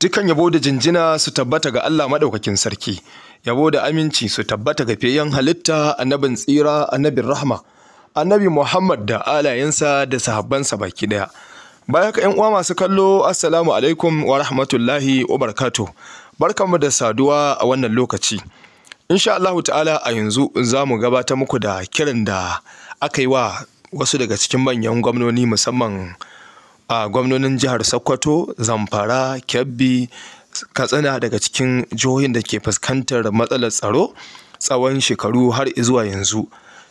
Dukan yabo da jinjina su tabbata ga Allah maɗaukakin sarki, yabo da aminci su tabbata ga feyan halitta annabin tsira annabin rahma, annabi Muhammad da alayensa da sahabbansa baki ɗaya. Baya ka uwa masu kallo, Assalamu alaikum wa rahmatullahi wa barkato. Barkanmu da saduwa a wannan lokaci. Insha Allahu ta'ala a yanzu za mu gabatar muku da kiran da aka yi wa wasu daga cikin manyan gwamnoni musamman a gwamnonin jihar sokoto zamfara kebbi katsina daga cikin jihohin da ke fuskantar matsalar tsaro tsawon shekaru har zuwa yanzu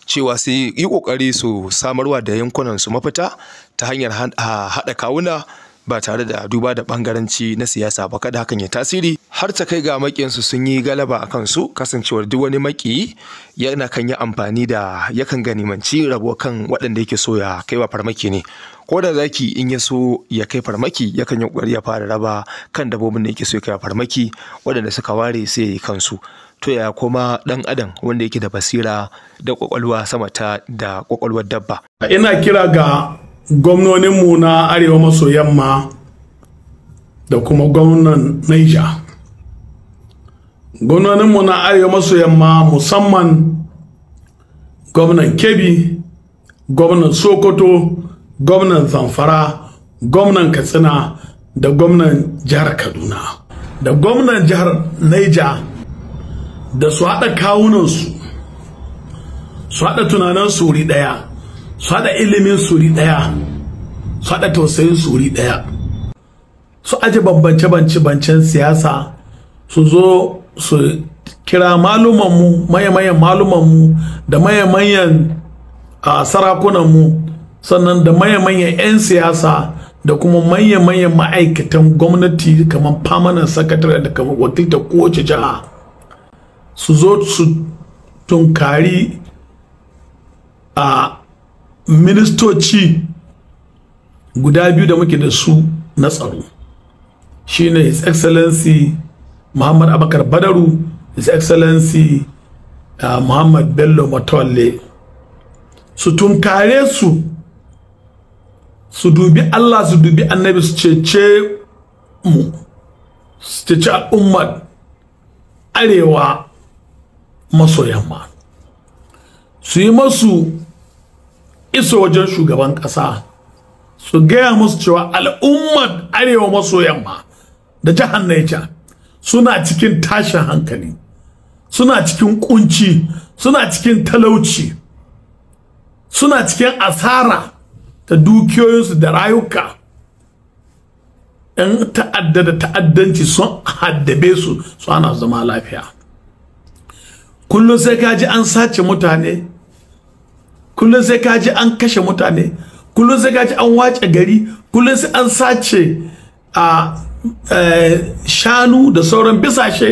cewa su yi ƙoƙari su samarwa da yankunan su mafita ta hanyar haɗa kawuna ba tare da duba da bangaranci na siyasa ba kada hakan ya tasiri har ta kai ga makiyansu sun yi galaba a kansu kasancewar duk wani maki yana kan yi amfani da yakan ganimanci rabo kan waɗanda yake so ya kai wa farmaki ne ko da zaki in ya so ya kai farmaki yakan yi kokari ya fara raba kan dabbobin da yake so ya kai farmaki waɗanda suka ware sai ya yi kansu to ya kuma ɗan adam wanda yake da basira da kwakwalwa sama ta da ƙwaƙwalwar dabba ina kira ga gwamnoninmu na arewa maso yamma da kuma gwamnan Niger. Gwamnoninmu na arewa maso yamma musamman gwamnan Kebbi, gwamnan Sokoto, gwamnan Zamfara, gwamnan Katsina da gwamnan jihar Kaduna. Da gwamnan jihar Niger da su haɗa kawunansu, su haɗa tunanin wuri ɗaya. su haɗa ilimin suri ɗaya su haɗa tausayin suri ɗaya su aji bambance bancen siyasa su zo su kira malumanmu mayan malumanmu da mayan sarakunanmu sannan da mayan 'yan siyasa da kuma mayan ma'aikatan gwamnati kamar permanent sakatare da kamar wakilta kowace jiha su zo su tunkari a ministoci guda biyu da muke da su na tsaro shine his excellency muhammad abakar badaru his excellency uh, muhammad bello matole su tunkare su su dubi allah su dubi annabi su cece mu su cece al'ummar arewa maso yamma su yi masu iso wajen shugaban ƙasa su gaya musu cewa al'ummar arewa maso yamma da jihar Niger suna cikin tashin hankali suna cikin kunci suna cikin talauci suna cikin asara ta dukiyoyinsu da rayuka ‘yan ta'adda da ta'addanci sun haddabe su su ana zama lafiya kullum sai ka ji an sace mutane kullum sai ka an kashe mutane kullum sai ka an wace gari kullum sai an sace a e, shanu da sauran bisashe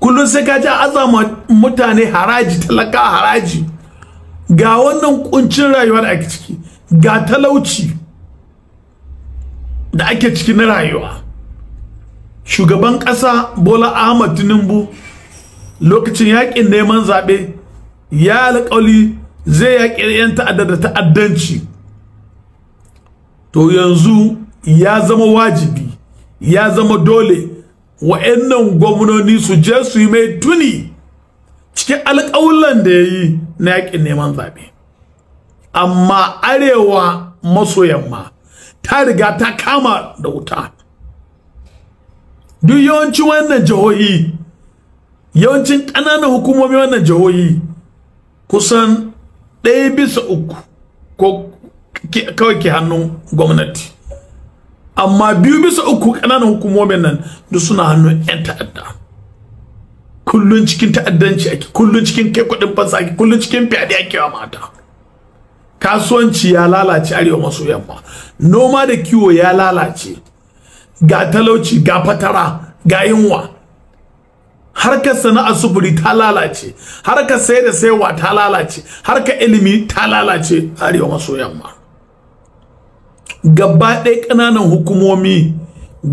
kullum sai ka ji azama mutane haraji talaka haraji ga wannan kuncin rayuwar ake ciki ga talauci da ake ciki na rayuwa shugaban ƙasa bola ahmad tinubu lokacin yakin neman zaɓe ya alƙali zai yaƙi 'yan ta'adda da ta'addanci to yanzu ya zama wajibi ya zama dole wa'annan gwamnoni su je su yi mai tuni cikin alƙawulan da ya yi na yaƙin neman zaɓe amma arewa maso yamma ta riga ta kama da wuta duk yawancin wannan jihohi yawancin ƙananan hukumomi wannan jihohi kusan ɗaya bisa uku ko kawai ke hannun gwamnati amma biyu bisa uku ƙananan hukumomin nan da suna hannun 'yan ta'adda kullun cikin ta'addanci ake kullun cikin kai kuɗin fansa ake kullun cikin fyaɗe ake wa mata kasuwanci ya lalace arewa maso yamma noma da kiwo ya lalace ga talauci ga fatara ga yunwa harkar sana'ar sufuri ta lalace harkar sai da saiwa ta lalace harkar ilimi ta lalace arewa maso yamma gaba ɗaya ƙananan hukumomi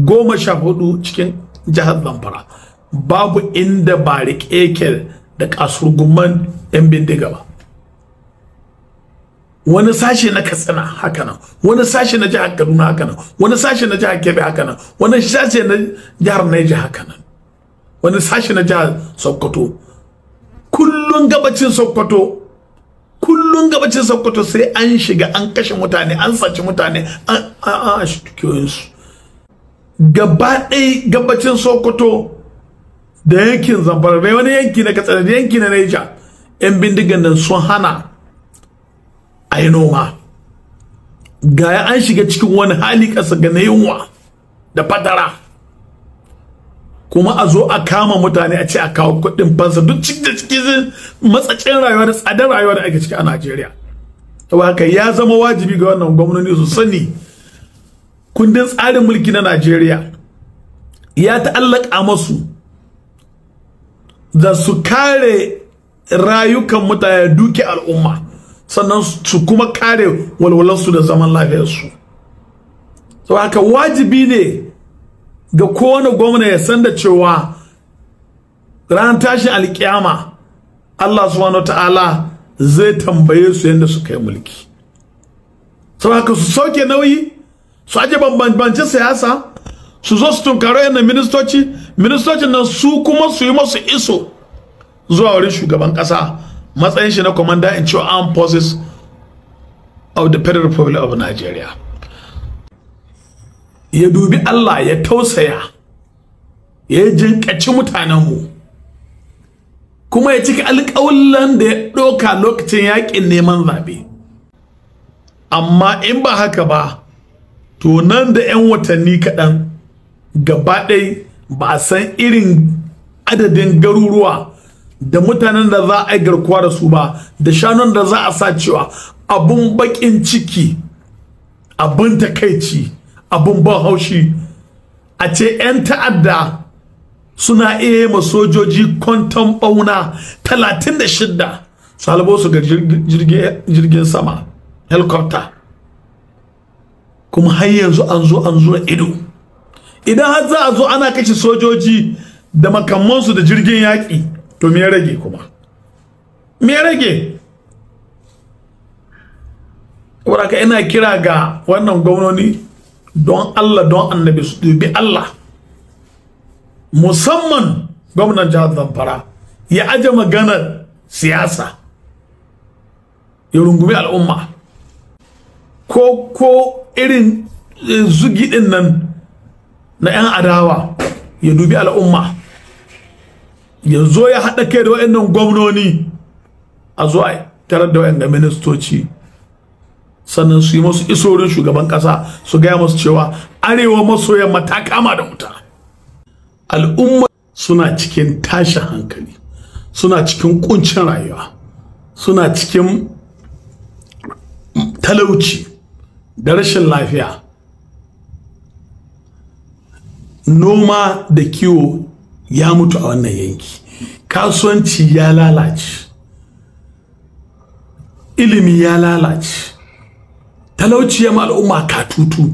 goma sha hudu cikin jihar zamfara babu inda ba riƙe da kasurguman 'yan bindiga ba wani sashe na katsina haka nan wani sashe na jihar kaduna haka nan wani sashe na jihar kebe haka nan wani sashe na jihar naija haka nan wani sashi na jihar sokoto kullun gabacin sokoto kullun gabacin sokoto sai an shiga an kashe mutane an saci mutane an a gaba ɗaya gabacin sokoto da yankin zamfara bai wani yanki na katsina da yanki na naija yan bindigan nan sun hana a yi noma ga an shiga cikin wani hali ƙasa ga na yunwa da fatara kuma a zo a kama mutane a ce a kawo kuɗin fansa duk cikin cikin matsacin rayuwa da tsadar rayuwa da ake ciki a Najeriya. haka ya zama wajibi ga wannan gwamnoni su sani kundin tsarin mulki na Najeriya ya ta'allaka masu da su kare rayukan mutane duke al'umma sannan su kuma kare walwalarsu da zaman lafiyarsu. haka wajibi ne ga kowane gwamna ya san da cewa ranar tashin alkiyama Allah subhanahu ta'ala zai tambaye su yadda suka yi mulki saboda su sauke nauyi su aje bambance siyasa su zo su tunkaro yana ministoci ministocin nan su kuma su yi masu iso zuwa wurin shugaban kasa matsayin shi na commander in chief armed forces of the federal republic of nigeria ya dubi Allah ya tausaya ya jinkaci mutanenmu kuma ya cika alƙawullan da ya ɗauka lokacin yaƙin neman zaɓe amma in ba haka ba to nan da 'yan watanni kaɗan gaba ɗai ba a san irin adadin garuruwa da mutanen da za a yi garkuwa da su ba da shanun da za a sa cewa abun baƙin ciki abin takaici abun ban haushi a ce 'yan ta'adda suna iya ma sojoji kwanton bauna 36 su halabo su ga jirgin sama helikopta kuma har yanzu an zo an zo ido idan har za a zo ana kashe sojoji da makamansu da jirgin yaƙi to me rage kuma me rage wadaka ina kira ga wannan gwamnoni don Allah don annabi su dubi Allah musamman gwamnan jihar Zamfara ya aje maganar siyasa ya rungumi al'umma ko ko irin eh, zugi din nan na 'yan adawa ya dubi al'umma ya zo ya haɗa kai da wa'annan gwamnoni a zo a tarar da wa'annan ministoci sannan su yi masu isorin shugaban kasa su gaya masu cewa arewa maso yamma ta kama da wuta al'umma suna cikin tashin hankali suna cikin kuncin rayuwa suna cikin talauci da rashin lafiya noma da kiwo ya mutu a wannan yanki kasuwanci ya lalace ilimi ya lalace talauciya ma al'umma katutu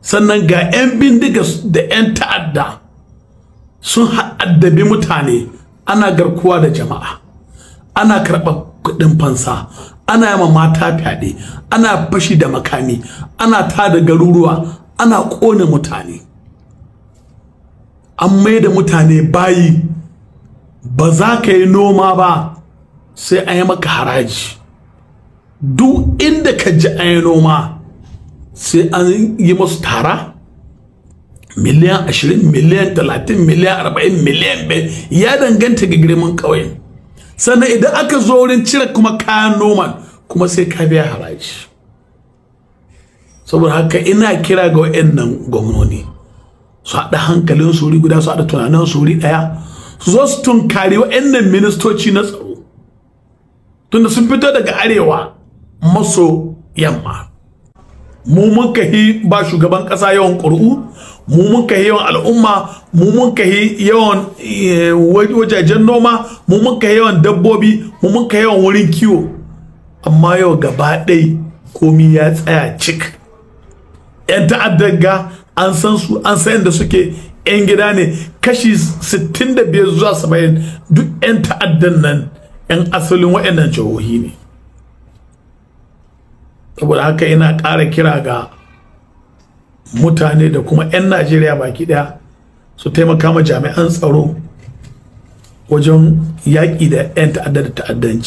sannan ga 'yan bindiga da 'yan ta'adda sun ha'addabi mutane ana garkuwa da jama'a ana karɓar kuɗin fansa ana yama mata fyaɗe ana fashi da makami ana da garuruwa ana ƙone mutane an mai da mutane bayi ba za ka yi noma ba sai an yi maka haraji duk inda ka ji an noma sai an yi masu tara miliyan 20 miliyan 30 miliyan 40 miliyan 5 ya danganta ga girman ƙauyen sannan idan aka zo wurin cire kuma kayan noma kuma sai ka biya haraji saboda haka ina kira ga waɗannan gwamnoni su haɗa hankalin suri guda su haɗa tunanin suri ɗaya su zo su tunkari waɗannan ministoci na tsaro tunda sun fito daga arewa maso yamma mu mun kahi ba shugaban kasa yawan ƙuri'u mu mun kahi yawan al'umma mu mun kahi yawan eh, wajajen noma mu mun kahi yawan dabbobi mu mun kahi yawan wurin kiwo amma yau gaba ɗai komi ya tsaya cik 'yan ta'addar ga an san su an san suke 'yan gida ne kashi 65 zuwa 70 duk 'yan ta'addan nan 'yan asalin waɗannan jihohi ne saboda haka yana ƙara kira ga mutane da kuma 'yan najeriya baki daya su taimaka ma jami'an tsaro wajen yaƙi da 'yan ta'adda da ta'addanci